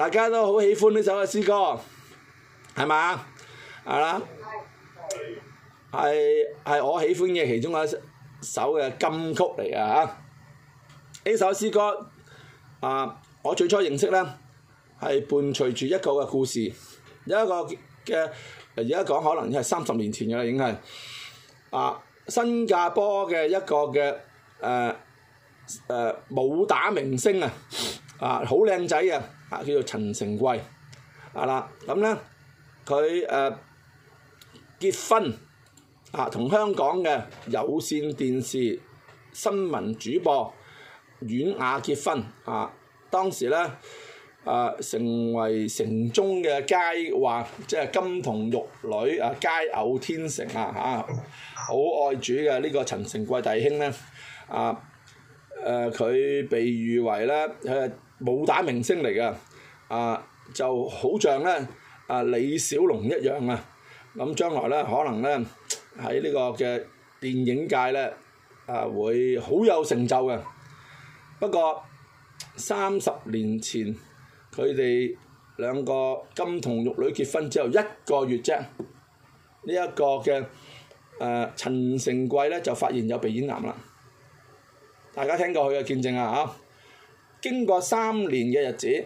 大家都好喜歡呢首嘅詩歌，係嘛？係啦，係係我喜歡嘅其中一首嘅金曲嚟嘅嚇。呢首詩歌啊，我最初認識咧係伴隨住一個嘅故事，有一個嘅而家講可能已經係三十年前嘅啦，已經係啊新加坡嘅一個嘅誒誒武打明星啊，啊好靚仔啊！啊，叫做陳成貴，啊啦，咁咧佢誒結婚啊，同香港嘅有線電視新聞主播婉雅結婚啊，當時咧啊成為城中嘅佳話，即係金童玉女啊，佳偶天成啊，啊好愛主嘅呢個陳成貴弟兄咧，啊誒佢被譽為咧佢係。武打明星嚟嘅，啊，就好像咧，啊李小龍一樣啊，咁將來咧可能咧喺呢個嘅電影界咧，啊會好有成就嘅。不過三十年前，佢哋兩個金童玉女結婚之後一個月啫，呢一個嘅，誒陳成貴咧就發現有鼻咽癌啦，大家聽過佢嘅見證啊嚇！經過三年嘅日子，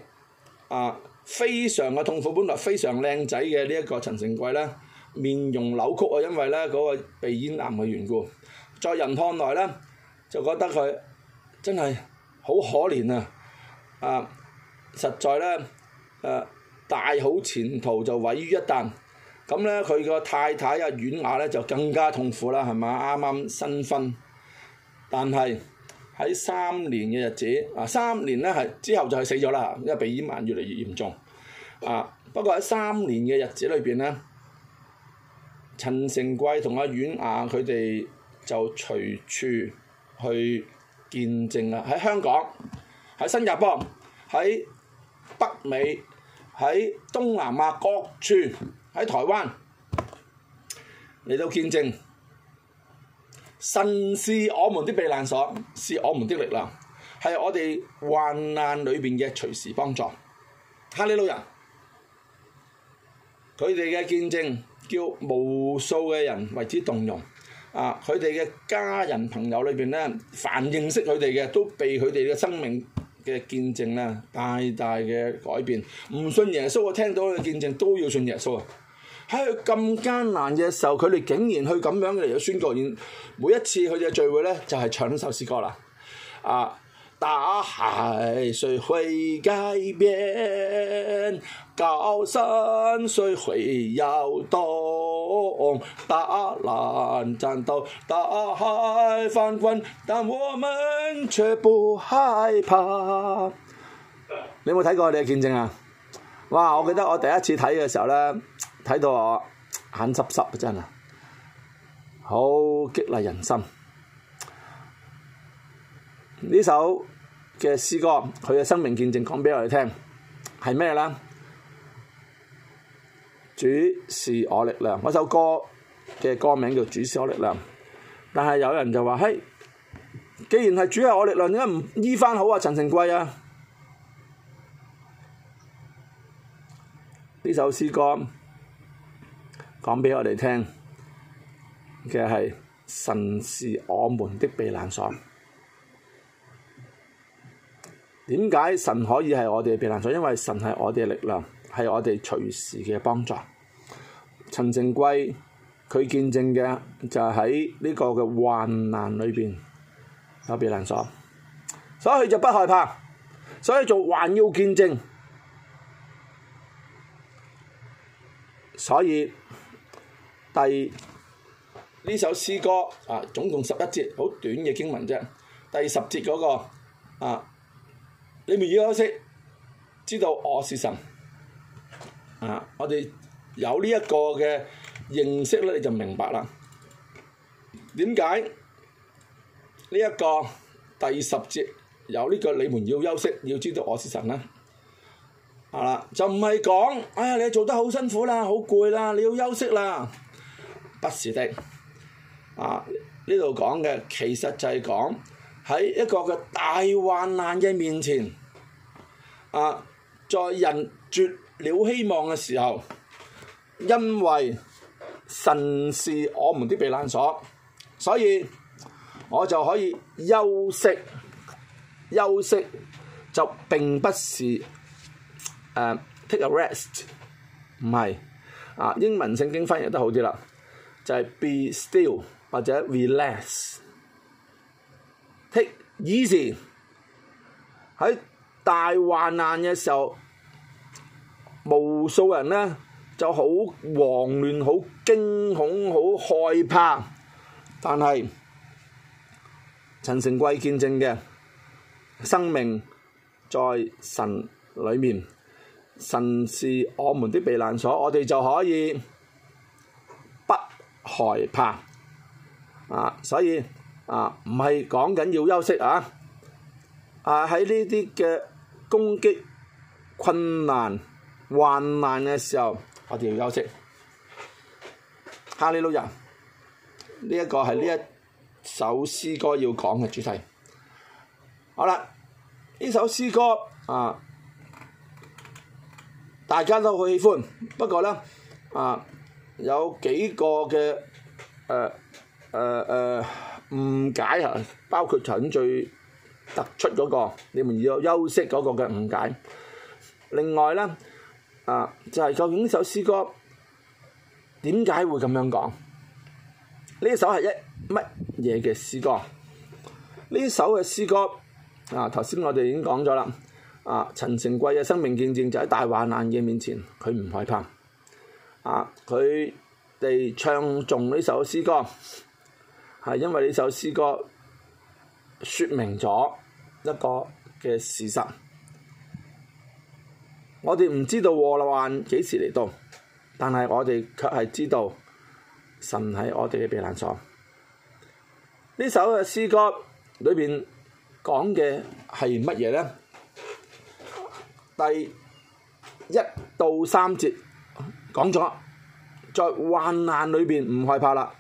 啊非常嘅痛苦，本來非常靚仔嘅呢一個陳成貴咧，面容扭曲啊，因為咧嗰個鼻咽癌嘅緣故，在人看來咧，就覺得佢真係好可憐啊！啊，實在咧，誒大好前途就毀於一旦，咁咧佢個太太啊婉雅咧就更加痛苦啦，係嘛啱啱新婚，但係。喺三年嘅日子，啊三年咧係之後就係死咗啦，因為鼻咽癌越嚟越嚴重。啊，不過喺三年嘅日子裏邊咧，陳成貴同阿阮雅佢哋就隨處去見證啦，喺香港、喺新加坡、喺北美、喺東南亞各處、喺台灣嚟到見證。神是我們的避難所，是我們的力量，係我哋患難裏邊嘅隨時幫助。哈利路亞，佢哋嘅見證叫無數嘅人為之動容。啊，佢哋嘅家人朋友裏邊咧，凡認識佢哋嘅，都被佢哋嘅生命嘅見證咧，大大嘅改變。唔信耶穌，我聽到佢嘅見證都要信耶穌。喺佢咁艱難嘅時候，佢哋竟然去咁樣嚟到宣告，然每一次佢哋嘅聚會咧，就係唱呢首詩歌啦。啊！大海雖會改變，高山雖會搖動，大浪攔道，大海翻滾，但我們卻不害怕。你有冇睇過你嘅見證啊？哇！我記得我第一次睇嘅時候咧～睇到我眼濕濕啊，真係，好激勵人心！呢首嘅詩歌，佢嘅生命見證講畀我哋聽，係咩咧？主是我力量，我首歌嘅歌名叫《主是我力量》，但係有人就話：嘿，既然係主係我力量，點解唔醫翻好啊？陳成貴啊！呢首詩歌。講俾我哋聽嘅係神是我們的避難所。點解神可以係我哋嘅避難所？因為神係我哋嘅力量，係我哋隨時嘅幫助。陳成貴佢見證嘅就係喺呢個嘅患難裏邊有避難所，所以佢就不害怕，所以就還要見證，所以。第呢首詩歌啊，總共十一節，好短嘅經文啫。第十節嗰個啊，你們要休息，知道我是神啊！我哋有呢一個嘅認識咧，你就明白啦。點解呢一個第十節有呢個你們要休息，要知道我是神咧？啊啦，就唔係講哎呀，你做得好辛苦啦，好攰啦，你要休息啦。不是的，啊，呢度講嘅其實就係講，喺一個嘅大患難嘅面前，啊，在人絕了希望嘅時候，因為神是我們啲避難所，所以我就可以休息，休息就並不是誒、啊、take a rest，唔係啊英文聖經翻譯得好啲啦。就係 be still 或者 relax，take easy。喺大患難嘅時候，無數人呢就好慌亂、好驚恐、好害怕。但係陳成貴見證嘅生命，在神裏面，神是我們的避難所，我哋就可以害怕啊，所以啊，唔係講緊要休息啊！啊，喺呢啲嘅攻擊困難、患難嘅時候，我哋要休息。哈利路亞，呢、這、一個係呢一首詩歌要講嘅主題。好啦，呢首詩歌啊，大家都好喜歡，不過咧啊。有幾個嘅誒誒誒誤解啊，包括頭先最突出嗰，那個，你們要有休息嗰個嘅誤解。另外咧，啊就係究竟呢首詩歌點解會咁樣講？呢首係一乜嘢嘅詩歌？呢首嘅詩歌啊，頭先我哋已經講咗啦。啊，陳，就是啊啊，成貴嘅生命見證就喺大患難嘅面前，佢唔害怕。啊！佢哋唱頌呢首詩歌，係因為呢首詩歌説明咗一個嘅事實。我哋唔知道禍患幾時嚟到，但係我哋卻係知道神係我哋嘅避難所。呢首嘅詩歌裏邊講嘅係乜嘢咧？第一到三節。講咗，在患難裏邊唔害怕啦。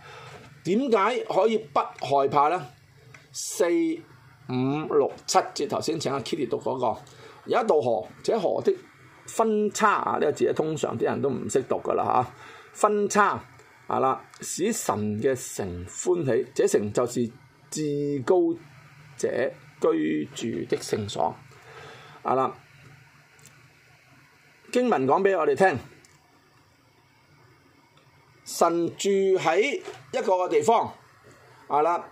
點解可以不害怕呢？四五六七節頭先請阿 Kitty 讀嗰、那個，有一道河，這河的分叉啊，呢、這個字通常啲人都唔識讀噶啦嚇。分叉啊啦，使神嘅城歡喜，這城就是至高者居住的聖所。啊啦，經文講俾我哋聽。神住喺一個地方，係啦，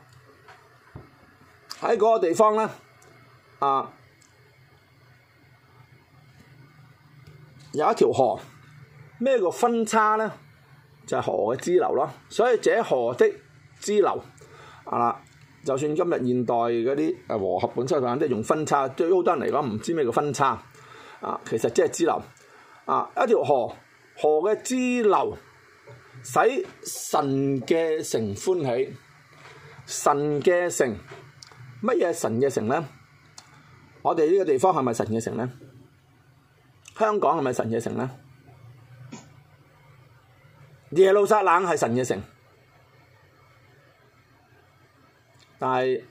喺嗰個地方咧，啊，有一條河，咩叫分叉咧？就係、是、河嘅支流咯。所以這河的支流，啊，就算今日現代嗰啲誒和合本身都係用分叉，對好多人嚟講唔知咩叫分叉，啊，其實即係支流，啊，一條河，河嘅支流。使神嘅城歡喜，神嘅城，乜嘢神嘅城咧？我哋呢個地方係咪神嘅城咧？香港係咪神嘅城咧？耶路撒冷係神嘅城，但係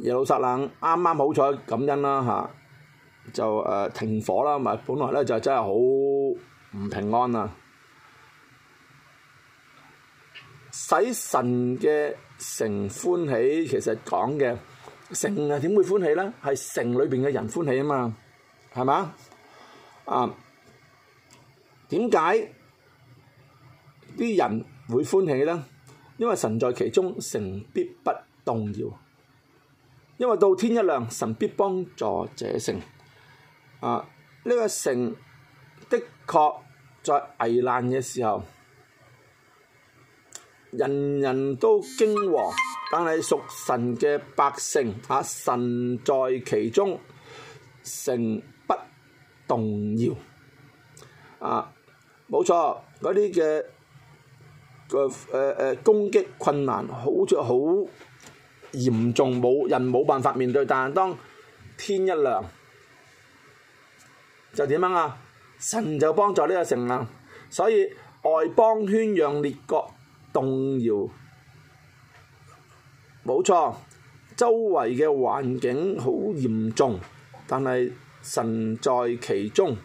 耶路撒冷啱啱好彩感恩啦嚇，就誒停火啦，咪本來咧就真係好唔平安啊！使神嘅城歡喜，其實講嘅城係點會歡喜咧？係城裏邊嘅人歡喜啊嘛，係咪啊？啊，點解啲人會歡喜咧？因為神在其中，城必不動搖。因為到天一亮，神必幫助這城。啊，呢個城的確在危難嘅時候。人人都驚惶，但係屬神嘅百姓，啊，神在其中，城不動搖。啊，冇錯，嗰啲嘅嘅誒誒攻擊困難，好似好嚴重，冇人冇辦法面對。但係當天一亮，就點樣啊？神就幫助呢個城啊！所以外邦喧嚷列國，動搖，冇錯。周圍嘅環境好嚴重，但係神在其中，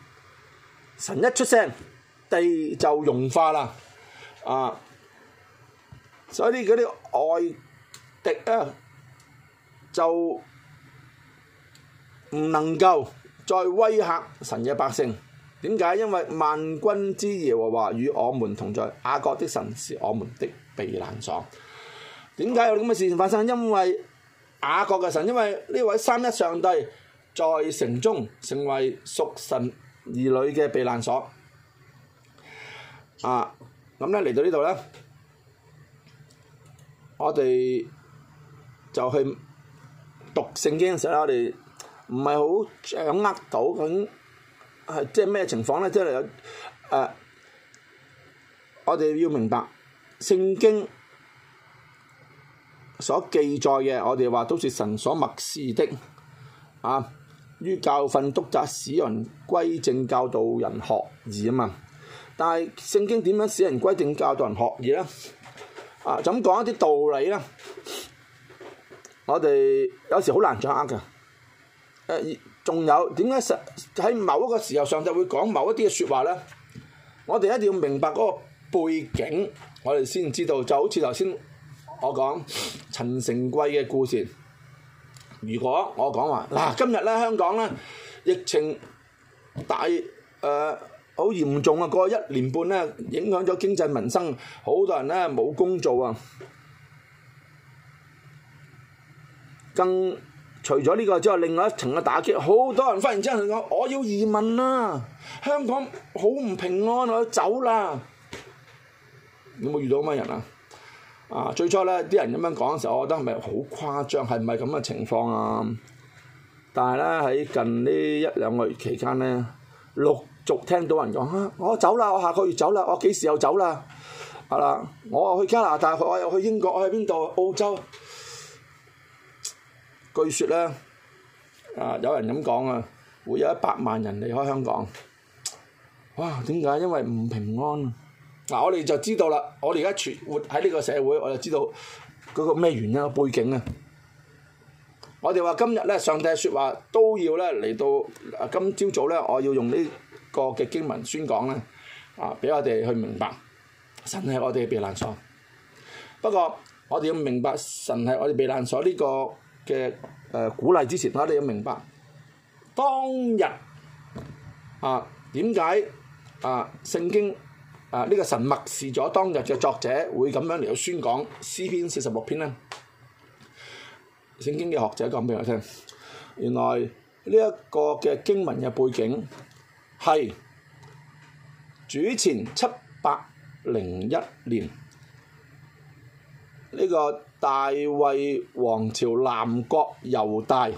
神一出聲，地就融化啦。啊！所以嗰啲外敵啊，就唔能夠再威嚇神嘅百姓。點解？因為萬軍之耶和華與我們同在，雅各的神是我們的避難所。點解有咁嘅事情發生？因為雅各嘅神，因為呢位三一上帝在城中成為屬神兒女嘅避難所。啊，咁咧嚟到呢度咧，我哋就去讀聖經嘅時候咧，我哋唔係好掌握到咁。即係咩情況咧？即係有誒，我哋要明白聖經所記載嘅，我哋話都是神所默示的啊。於教訓、督責、使人歸正、教導人學義啊嘛。但係聖經點樣使人歸正、教導人學義咧？啊，咁講一啲道理啦。我哋有時好難掌握嘅。誒、啊。仲有點解喺某一個時候上帝會講某一啲嘅説話咧？我哋一定要明白嗰個背景，我哋先知道，就好似頭先我講陳成貴嘅故事。如果我講話嗱、啊，今日咧香港咧疫情大誒好、呃、嚴重啊！過一年半咧影響咗經濟民生，好多人咧冇工做啊，更。除咗呢個之外，另外一層嘅打擊，好多人忽然之間佢講，我要移民啦，香港好唔平安，我要走啦。有冇遇到咩人啊？啊，最初咧啲人咁樣講嘅時候，我覺得係咪好誇張，係唔係咁嘅情況啊？但係咧喺近呢一兩個月期間咧，陸續聽到人講啊，我走啦，我下個月走啦，我幾時又走啦？啊啦，我又去加拿大，我又去英國，我去邊度？澳洲。據說咧，啊有人咁講啊，會有一百萬人離開香港。哇！點解？因為唔平安。嗱、啊，我哋就知道啦。我哋而家存活喺呢個社會，我就知道嗰個咩原因、背景啊。我哋話今日咧，上帝説話都要咧嚟到。今朝早咧，我要用呢個嘅經文宣講咧，啊，俾我哋去明白神係我哋嘅避難所。不過，我哋要明白神係我哋避難所呢個。嘅誒、呃、鼓勵之前，你要明白當日啊點解啊聖經啊呢、呢個神默示咗當日嘅作者會咁樣嚟到宣講詩篇四十六篇呢？聖經嘅學者講俾我聽，原來呢一個嘅經文嘅背景係主前七百零一年。呢、這個大衛王朝南國猶大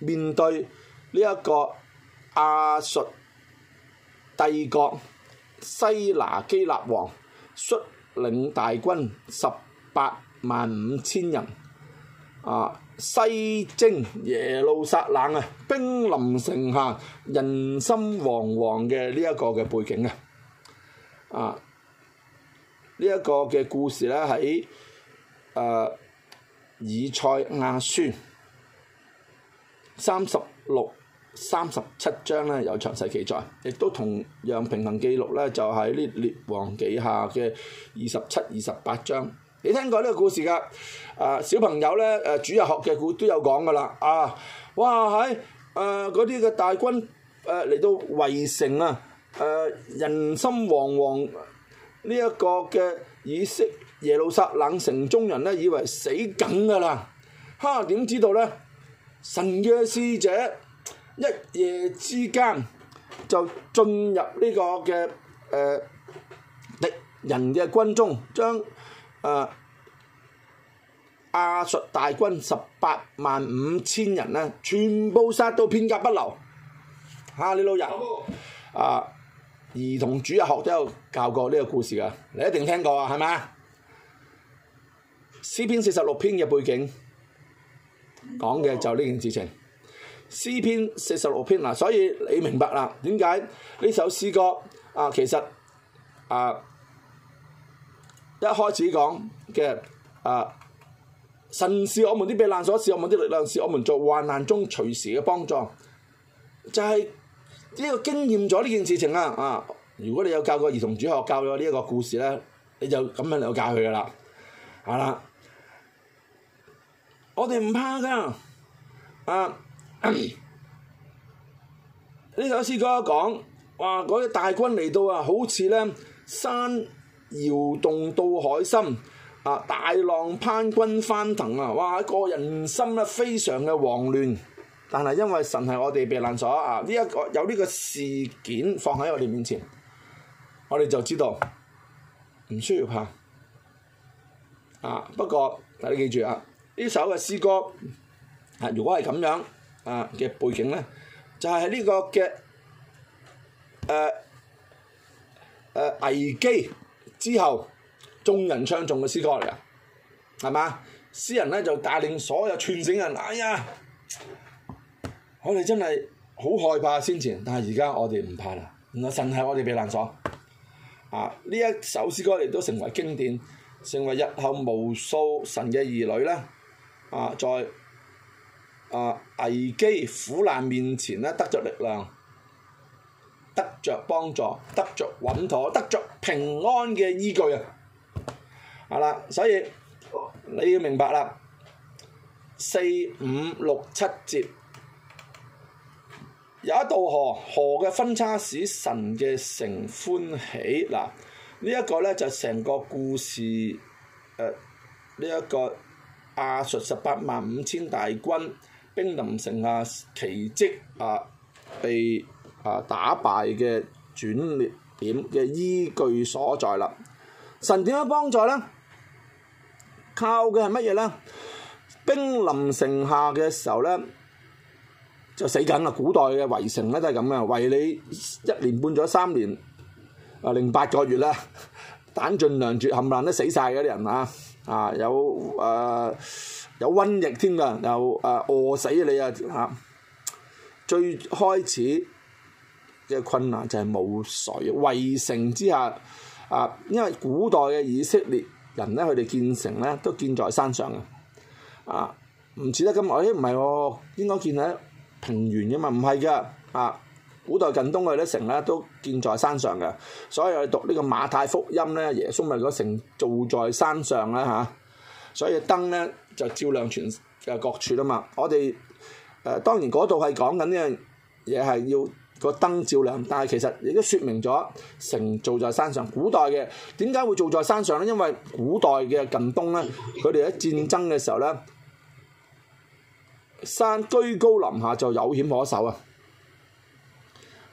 面對呢一個亞述帝國西拿基立王，率領大軍十八萬五千人啊，啊西征耶路撒冷啊，兵臨城下，人心惶惶嘅呢一個嘅背景嘅、啊，啊呢一、這個嘅故事咧喺誒、呃、以賽亞書三十六、三十七章咧有詳細記載，亦都同樣平行記錄咧，就喺呢列王記下嘅二十七、二十八章。你聽過呢個故事㗎？誒、呃、小朋友咧誒主日學嘅故事都有講㗎啦。啊，哇喺誒嗰啲嘅大軍誒嚟、呃、到圍城啊，誒、呃、人心惶惶呢一個嘅意識。耶路撒冷城中人呢，以為死梗㗎啦！哈，點知道呢？神嘅使者一夜之間就進入呢個嘅誒敵人嘅軍中，將誒亞述大軍十八萬五千人呢，全部殺到片甲不留！哈，你老實，啊！兒童主日學都有教過呢個故事㗎，你一定聽過啊，係咪啊？詩篇四十六篇嘅背景，講嘅就呢件事情。詩篇四十六篇嗱，所以你明白啦，點解呢首詩歌啊？其實啊，一開始講嘅啊，神是我們啲避難所，是我們啲力量，是我們在患難中隨時嘅幫助。就係、是、呢個經驗咗呢件事情啊！啊，如果你有教過兒童主學教咗呢一個故事咧，你就咁樣嚟教佢噶啦，係、啊、啦。我哋唔怕噶，啊！呢首詩歌講，哇！嗰啲大軍嚟到啊，好似咧山搖動到海深，啊！大浪攀軍翻騰啊！哇！個人心咧非常嘅慌亂，但係因為神係我哋避難所啊！呢一個有呢個事件放喺我哋面前，我哋就知道唔需要怕。啊！不過大家記住啊！呢首嘅詩歌，如果係咁樣、啊、的嘅背景呢，就係、是、呢個嘅、啊啊、危機之後，眾人唱頌嘅詩歌嚟的係嘛？詩人咧就帶領所有全城人，哎呀！我哋真係好害怕先前，但係而家我哋唔怕啦，唔係神係我哋避難所。啊，呢一首詩歌亦都成為經典，成為日後無數神嘅兒女啦。啊，在啊危機苦難面前咧，得着力量，得着幫助，得着穩妥，得着平安嘅依據啊！好啦，所以你要明白啦，四五六七節有一道河，河嘅分叉使神嘅城歡喜嗱，這個、呢一個咧就成、是、個故事誒呢一個。阿、啊、述十八萬五千大軍兵臨城下，奇蹟啊，被啊打敗嘅轉捩點嘅依據所在啦！神點樣幫助呢？靠嘅係乜嘢呢？兵臨城下嘅時候呢，就死緊啦！古代嘅圍城呢，都係咁嘅，圍你一年半咗三年啊、呃、零八個月啦，彈盡糧絕，冚唪唥都死晒嗰啲人啊！啊！有誒、呃、有瘟疫添噶，又誒、呃、餓死你啊！嚇，最開始嘅困難就係冇水，圍城之下啊，因為古代嘅以色列人咧，佢哋建城咧都建在山上嘅，啊，唔似得噉。咦、哎？唔係喎，應該建喺平原嘅嘛？唔係㗎，啊！古代近東嘅啲城咧都建在山上嘅，所以我哋讀呢個馬太福音咧，耶穌咪嗰城造在山上啦吓，所以燈咧就照亮全嘅各處啊嘛。我哋誒、呃、當然嗰度係講緊呢樣嘢係要個燈照亮，但係其實亦都説明咗城造在山上。古代嘅點解會造在山上咧？因為古代嘅近東咧，佢哋喺戰爭嘅時候咧，山居高臨下就有險可守啊。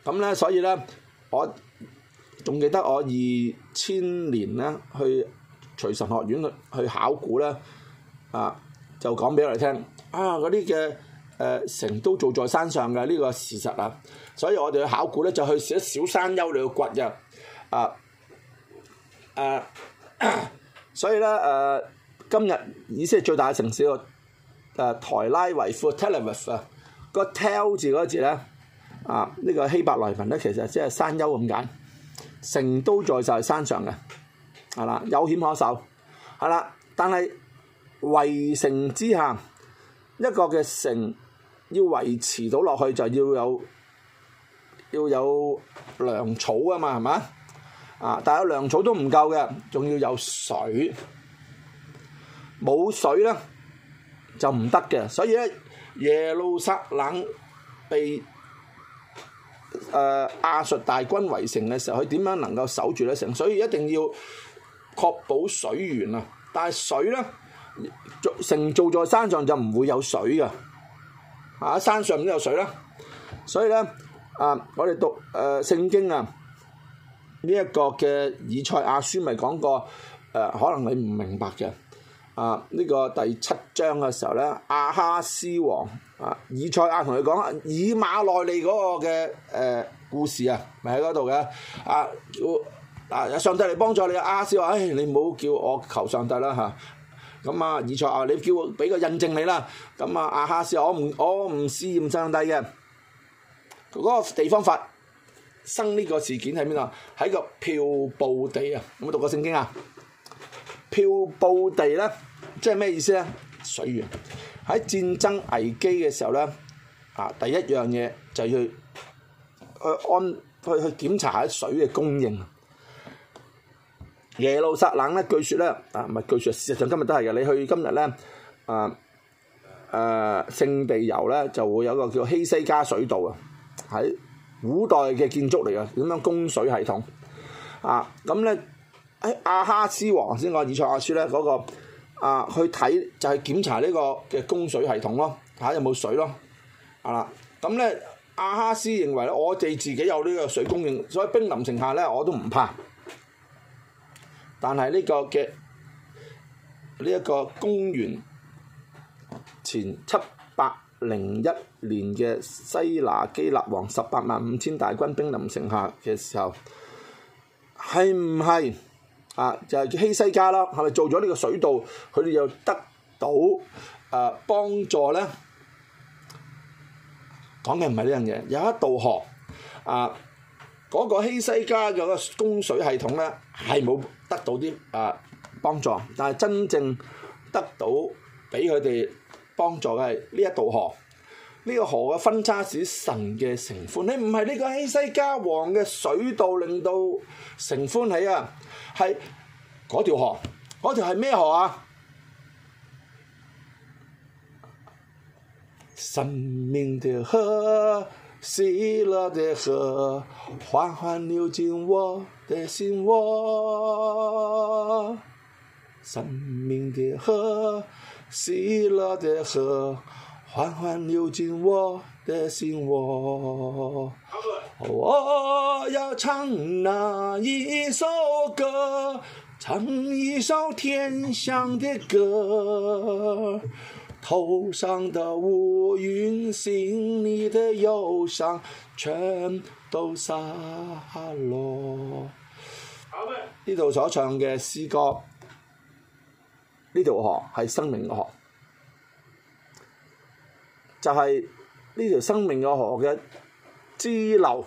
咁咧，所以咧，我仲記得我二千年咧去隨神學院去考古咧，啊，就講俾我哋聽，啊嗰啲嘅誒成都做在山上嘅呢、呢個事實啊，所以我哋去考古咧就去一小山丘嚟去掘嘅，啊，誒、啊， 所以咧誒、呃，今日以色列最大嘅城市個、呃、台拉維夫 Tel Aviv 啊，個 tell 字嗰個字咧。啊！呢個希伯來文咧，其實即係山丘咁簡單。城都在就係山上嘅，係啦，有險可守，係啦。但係圍城之下，一個嘅城要維持到落去，就要有要有糧草啊嘛，係咪？啊！但係糧草都唔夠嘅，仲要有水，冇水咧就唔得嘅。所以咧，耶路撒冷被誒亞述大軍圍城嘅時候，佢點樣能夠守住呢城？所以一定要確保水源啊！但係水呢，做城做在山上就唔會有水嘅嚇。山上點有水咧？所以呢，啊，我哋讀誒聖經啊，呢一個嘅以賽亞書咪講過誒，可能你唔明白嘅。啊！呢，這個第七章嘅時候咧，亞哈斯王啊，以賽亞同佢講，以馬內利嗰個嘅誒、呃、故事啊，咪喺嗰度嘅。啊，啊！上帝嚟幫助你，亞哈斯話：，唉、哎，你唔好叫我求上帝啦嚇。咁啊，啊，以賽亞，你叫我俾個印證你啦。咁啊，亞、啊、哈斯我唔我唔試驗上帝嘅。嗰、那個地方發生呢個事件喺邊度？喺個漂布地啊！有冇讀過聖經啊？漂布地咧，即係咩意思咧？水源喺戰爭危機嘅時候咧，啊，第一樣嘢就要去安、呃、去去檢查下水嘅供應。耶路撒冷咧，據說咧啊，唔係據說，事實上今日都係嘅。你去今日咧啊誒聖、啊、地遊咧，就會有個叫希西，西家水道啊，喺古代嘅建築嚟嘅，點樣供水系統啊？咁咧。阿哈斯王先我以賽亞書呢嗰個啊，去睇就係檢查呢個嘅供水系統咯，睇下有冇水咯，啊啦，咁呢，阿哈斯認為我哋自己有呢個水供應，所以兵臨城下呢，我都唔怕，但係呢、呢個嘅呢一個公元前七百零一年嘅西拿基立王十八萬五千大軍兵臨城下嘅時候係唔係？是啊！就係希西家啦，係咪做咗呢個水道？佢哋又得到啊幫、呃、助咧？講嘅唔係呢樣嘢，有一道河啊，嗰、那個希西家嘅供水系統咧，係冇得到啲啊幫助，但係真正得到俾佢哋幫助嘅係呢一道河，呢、這個河嘅分叉使神嘅城歡，你唔係呢個希西家王嘅水道令到城歡喜啊！係，嗰條河，嗰條係咩河啊？生命的河，喜樂的河，緩緩流進我的心窩。生命的河，喜樂的河，緩緩流進我的心窩。我要唱那一首歌，唱一首天上的歌。頭上的烏雲，心裏的憂傷，全都灑落。呢度所唱嘅詩歌，呢條河係生命嘅河，就係呢條生命嘅河嘅。支流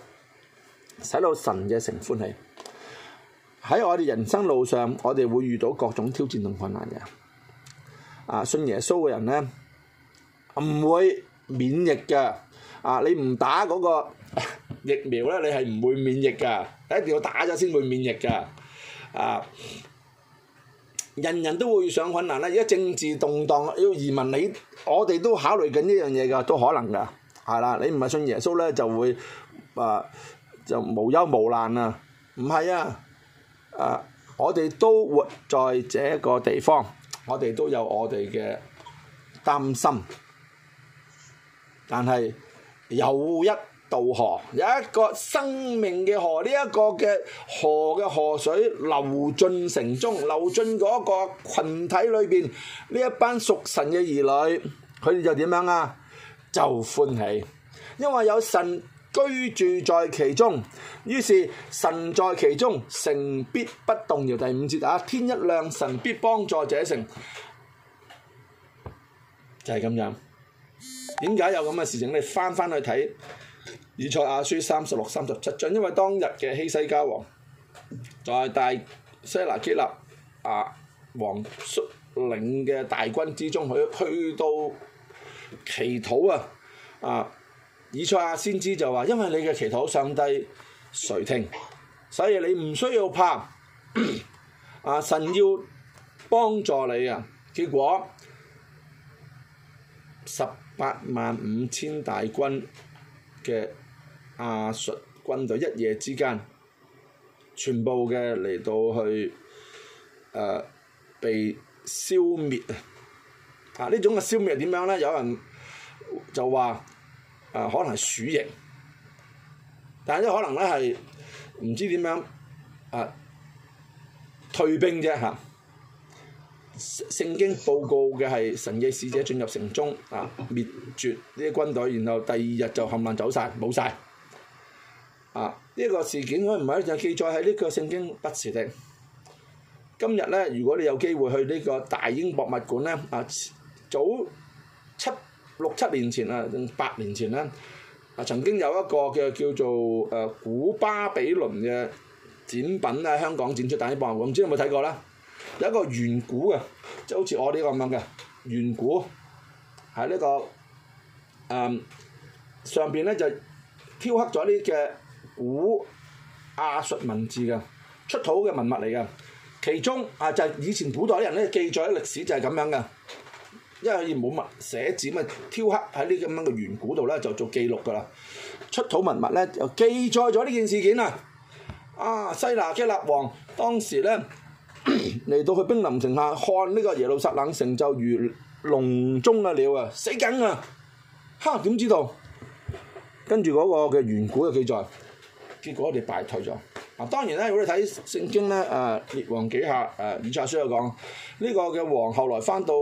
使到神嘅城歡喜。喺我哋人生路上，我哋會遇到各種挑戰同困難嘅。啊，信耶穌嘅人咧唔會免疫嘅。啊，你唔打嗰個疫苗咧，你係唔會免疫嘅。一定要打咗先會免疫嘅。啊，人人都會遇上困難咧。而家政治動盪，要移民，你，我哋都考慮緊呢樣嘢㗎，都可能㗎。係啦，你唔係信耶穌咧，就會啊，就無憂無難啊！唔係啊，啊，我哋都活在這個地方，我哋都有我哋嘅擔心。但係有一道河，有一個生命嘅河，呢一個嘅河嘅河水流進城中，流進嗰個羣體裏邊，呢一班屬神嘅兒女，佢哋就點樣啊？就歡喜，因為有神居住在其中，於是神在其中，城必不動搖。第五節啊，天一亮，神必幫助這城。成就係、是、咁樣。點解有咁嘅事情？你翻翻去睇《以賽亞書》三十六、三十七章，因為當日嘅希西，西家王，在大西拿基立阿、啊、王率領嘅大軍之中，去去到。祈禱啊！啊，以賽亞先知就話：因為你嘅祈禱，上帝垂聽，所以你唔需要怕。阿、啊、神要幫助你啊！結果十八萬五千大軍嘅亞述軍隊一夜之間，全部嘅嚟到去誒、啊、被消滅啊！呢種嘅消滅係點樣咧？有人就話，啊，可能係鼠疫，但係呢可能咧係唔知點樣啊退兵啫嚇。聖、啊、經報告嘅係神嘅使者進入城中，啊，滅絕呢啲軍隊，然後第二日就冚唪唥走晒，冇晒。啊！呢、這個事件佢唔係一就記載喺呢個聖經不時的。今日咧，如果你有機會去呢個大英博物館咧，啊！早七六七年前啊，八年前咧，啊曾經有一個嘅叫做誒古巴比倫嘅展品咧，香港展出大規模嘅，唔知有冇睇過啦？有一個遠古嘅，即係好似我呢個咁樣嘅遠古，喺呢個誒上邊咧就雕刻咗啲嘅古亞述文字嘅出土嘅文物嚟嘅，其中啊就係以前古代啲人咧記載嘅歷史就係咁樣嘅。因為冇墨寫紙，咪雕刻喺呢啲咁樣嘅圓古度咧，就做記錄㗎啦。出土文物咧就記載咗呢件事件啊！啊，西拿基立王當時咧嚟到去兵臨城下，看呢個耶路撒冷城就如籠中嘅鳥啊！啊，死梗啊！嚇點知道？跟住嗰個嘅圓古嘅記載，結果我哋敗退咗。嗱，當然咧，如果你睇聖經咧，啊列王紀下，誒以賽亞書有講呢個嘅王後來翻到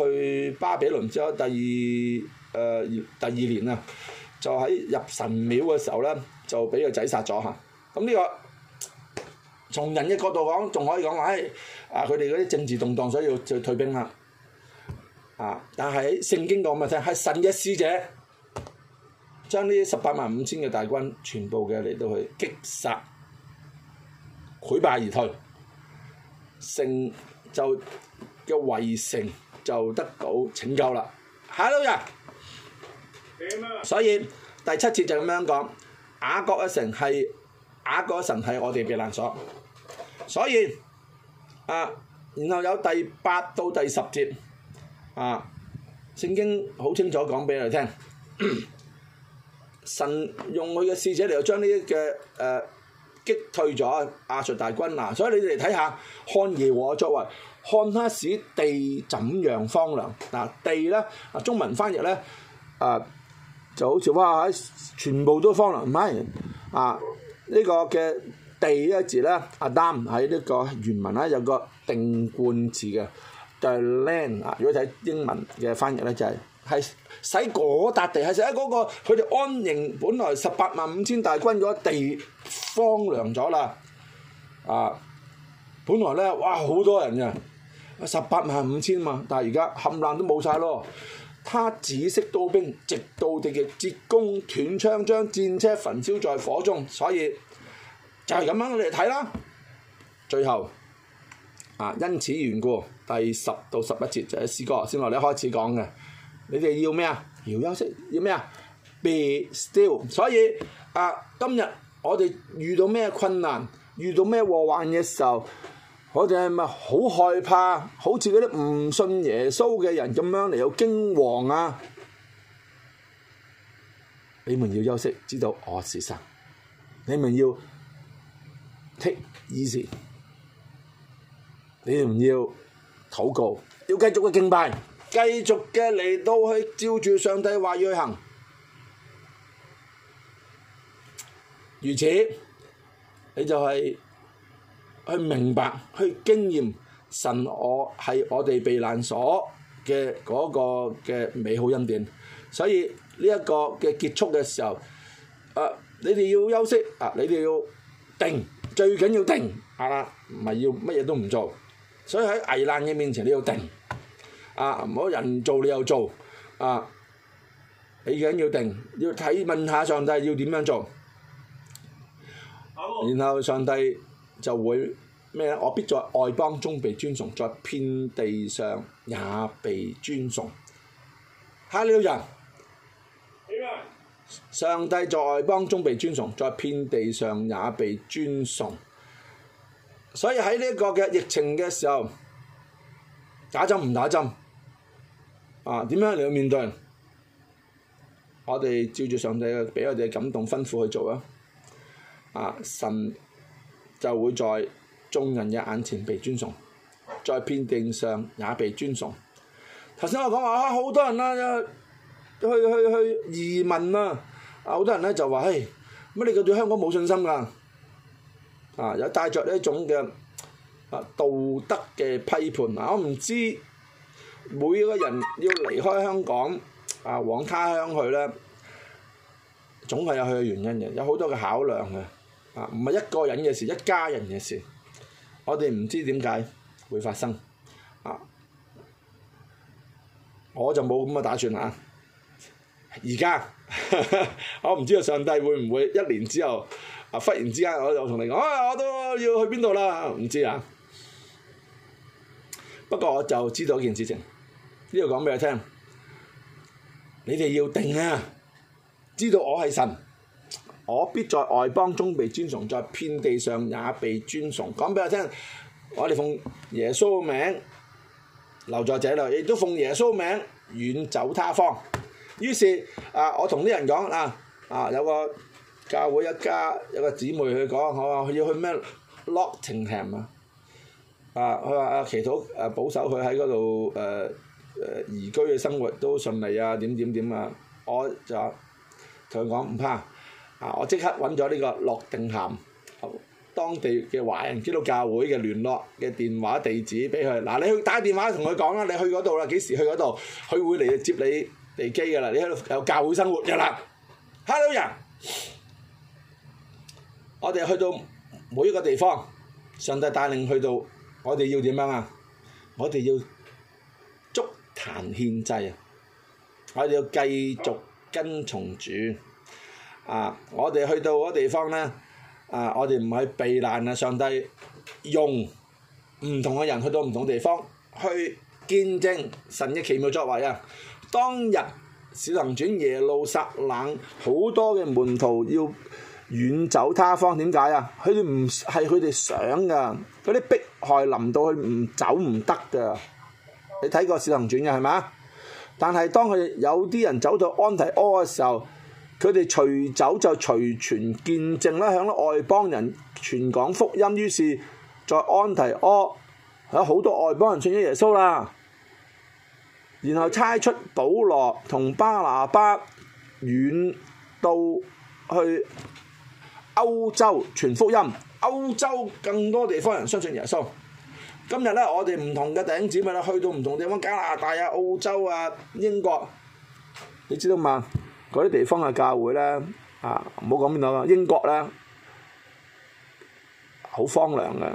去巴比倫之後，第二誒、呃、第二年啊，就喺入神廟嘅時候咧，就俾、啊這個仔殺咗嚇。咁呢個從人嘅角度講，仲可以講話，誒、哎、啊佢哋嗰啲政治動盪，所以要要退兵啦。啊，但係喺聖經度嘅聽係神嘅使者，將呢十八萬五千嘅大軍全部嘅嚟到去擊殺。擊殺潰敗而退，城就嘅圍城就得到拯救啦，Hello 啊，所以第七節就咁樣講，雅各一城係雅各一神係我哋避難所，所以啊，然後有第八到第十節啊，聖經好清楚講俾我哋聽，神用佢嘅使者嚟到將呢啲嘅誒。擊退咗亞述大軍嗱，所以你哋睇下，看耶和作為看他使地怎樣荒涼嗱，地咧啊中文翻譯咧啊、呃、就好似哇全部都荒涼，唔係啊，呢、呢個嘅地一字咧，阿丹喺呢個原文咧有個定冠詞嘅就係 land 啊，如果睇英文嘅翻譯咧就係。係使嗰笪地係使喺嗰個佢哋安營，本來十八萬五千大軍嗰地荒涼咗啦。啊，本來咧哇好多人嘅十八萬五千嘛，185, 000, 但係而家冚爛都冇晒咯。他止息刀兵，直到地極，他折弓斷槍，將戰車焚燒在火中。所以就係咁樣，你哋睇啦。最後啊，因此緣故，第十到十一節就係、是、詩歌先來咧開始講嘅。你哋要咩啊？要休息，要咩啊？Be still。所以啊，今日我哋遇到咩困難，遇到咩禍患嘅時候，我哋係咪好害怕？好似嗰啲唔信耶穌嘅人咁樣嚟有驚惶啊！你們要休息，知道我是神。你們要 take easy。你哋唔要禱告，要繼續去敬拜。繼續嘅嚟到去照住上帝話要去行，如此，你就係去明白去經驗神我係我哋避難所嘅嗰個嘅美好恩典，所以呢一個嘅結束嘅時候，啊，你哋要休息啊，你哋要定，最緊要定，係啦，唔係要乜嘢都唔做，所以喺危難嘅面前你要定。啊！唔好人做你又做，啊！最緊要定，要睇問下上帝要點樣做，然後上帝就會咩？我必在外邦中被尊崇，在遍地上也被尊崇。哈！呢個人，上帝在外邦中被尊崇，在遍地上也被尊崇。所以喺呢個嘅疫情嘅時候，打針唔打針？啊，點樣嚟去面對？我哋照住上帝嘅俾我哋嘅感動吩咐去做咯。啊，神就會在眾人嘅眼前被尊崇，在遍地上也被尊崇。頭先我講話啊，好多人咧、啊、去去去移民啊，好、啊、多人咧就話，嘿，乜你對香港冇信心㗎、啊？啊，有帶著一種嘅啊道德嘅批判啊，我唔知。每個人要離開香港啊，往他鄉去咧，總係有佢嘅原因嘅，有好多嘅考量嘅，啊唔係一個人嘅事，一家人嘅事，我哋唔知點解會發生，啊，我就冇咁嘅打算啦，而家我唔知道上帝會唔會一年之後啊忽然之間我就，我我同你講，啊我都要去邊度啦，唔知啊，不過我就知道一件事情。呢度講俾佢聽，你哋要定啊！知道我係神，我必在外邦中被尊崇，在遍地上也被尊崇。講俾我聽，我哋奉耶穌嘅名留在呢度，亦都奉耶穌名遠走他方。於是啊，我同啲人講啊，啊有個教會一家有個姊妹去講，我話佢要去咩 Lockingham 啊，啊佢話啊祈禱啊保守佢喺嗰度誒。誒移居嘅生活都順利啊！點點點啊！我就同佢講唔怕，啊我即刻揾咗呢個洛定鹹當地嘅華人基督教會嘅聯絡嘅電話地址俾佢。嗱你去打電話同佢講啦，你去嗰度啦，幾時去嗰度？佢會嚟接你地基㗎喇，你喺度有教會生活㗎喇。Hello 人，我哋去到每一個地方，上帝帶領去到，我哋要點樣啊？我哋要。彈獻祭啊！我哋要繼續跟從主啊！我哋去到嗰地方咧啊！我哋唔係避難啊！上帝用唔同嘅人去到唔同地方，去見證神嘅奇妙作為啊！當日使徒行傳耶路撒冷，好多嘅門徒要遠走他方，點解啊？佢哋唔係佢哋想噶，嗰啲迫害臨到佢唔走唔得噶。你睇過《小行傳》嘅係嘛？但係當佢哋有啲人走到安提阿嘅時候，佢哋隨走就隨傳見證啦，響咗外邦人傳講福音，於是在安提阿有好多外邦人信咗耶穌啦。然後差出保羅同巴拿巴遠到去歐洲傳福音，歐洲更多地方人相信耶穌。今日咧，我哋唔同嘅頂展咪去到唔同地方，加拿大啊、澳洲啊、英國，你知道嘛？嗰啲地方嘅教會咧，啊，唔好講邊度啦，英國咧，好荒涼嘅，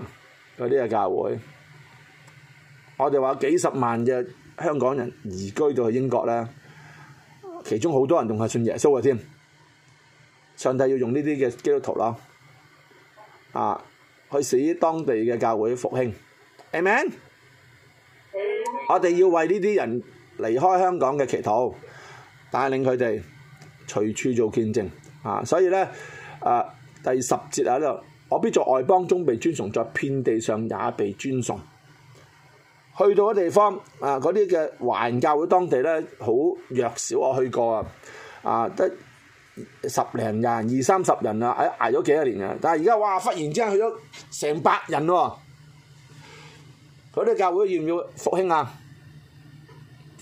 嗰啲嘅教會。我哋話幾十萬嘅香港人移居到去英國咧，其中好多人仲係信耶穌嘅添。上帝要用呢啲嘅基督徒咯，啊，去使當地嘅教會復興。Amen！我哋要為呢啲人離開香港嘅祈禱，帶領佢哋隨處做見證啊！所以咧，誒第十節啊呢度，我必在外邦中被尊崇，在遍地上也被尊崇。去到嘅地方啊，嗰啲嘅環教會當地咧，好弱小，我去過啊，啊得十零人、二三十人啊，挨挨咗幾多年啊，但係而家哇，忽然之間去咗成百人喎！嗰啲教會要唔要復興啊？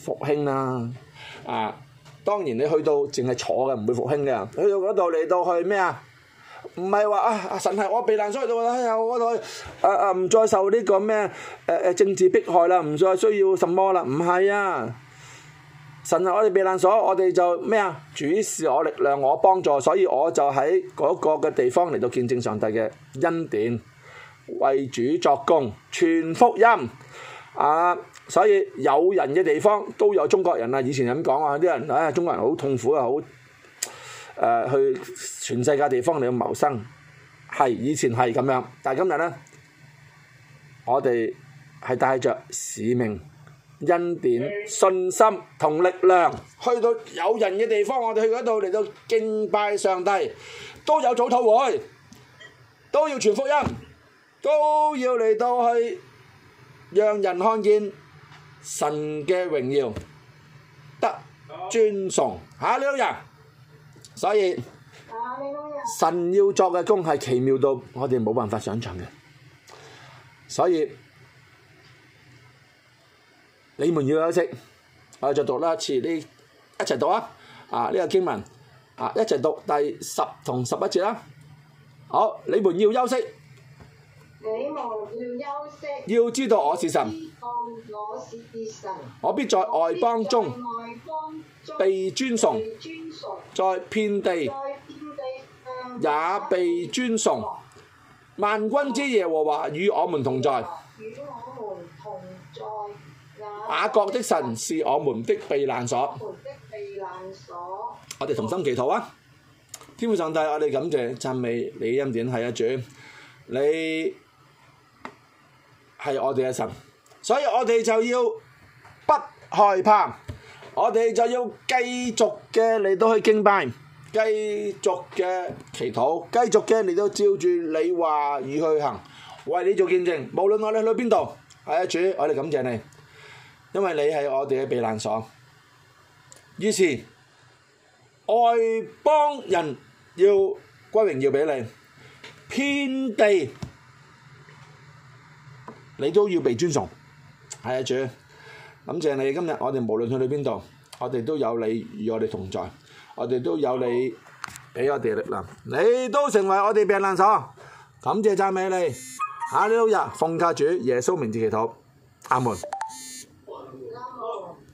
復興啦！啊，啊，當然你去到淨係坐嘅，唔會復興嘅。去到嗰度嚟到去咩啊？唔係話啊！神係我避難所啦，哎呀，我啊啊唔再受呢個咩誒誒政治迫害啦，唔再需要什麼啦，唔係啊！神係我哋避難所，我哋就咩啊？主是我力量，我幫助，所以我就喺嗰個嘅地方嚟到見證上帝嘅恩典。為主作工，傳福音。啊，所以有人嘅地方都有中國人啊。以前咁講啊，啲人啊、哎，中國人好痛苦啊，好、呃、去全世界的地方你要謀生，係以前係咁樣。但係今日呢，我哋係帶着使命、恩典、信心同力量去到有人嘅地方。我哋去嗰度嚟到敬拜上帝，都有早禱會，都要傳福音。都要嚟到去，讓人看見神嘅榮耀得尊崇。吓，李老人，所以神要作嘅工係奇妙到我哋冇辦法想象嘅。所以你們要休息，我哋再讀啦。似啲一齊讀啊！啊呢個經文啊一齊讀第十同十一節啦。好，你們要休息。你們要休息。要知道我是神。我知道我是別神。我必在外邦中被尊崇，在遍地也被尊崇。萬軍之耶和華與我們同在。雅各的神是我們的避難所。我哋同心祈禱啊！天父上帝，我哋感謝讚美你嘅恩典，係啊主，你。係我哋嘅神，所以我哋就要不害怕，我哋就要繼續嘅嚟到去敬拜，繼續嘅祈禱，繼續嘅嚟到照住你話語去行，為你做見證。無論我哋去邊度，係呀，主，我哋感謝你，因為你係我哋嘅避難所。於是，外邦人要歸榮要俾你，遍地。你都要被尊崇，係啊主，感謝你今日，我哋無論去到邊度，我哋都有你與我哋同在，我哋都有你俾我哋力量，你都成為我哋避難所，感謝讚美你，下呢六日奉靠主耶穌名字祈禱，阿門。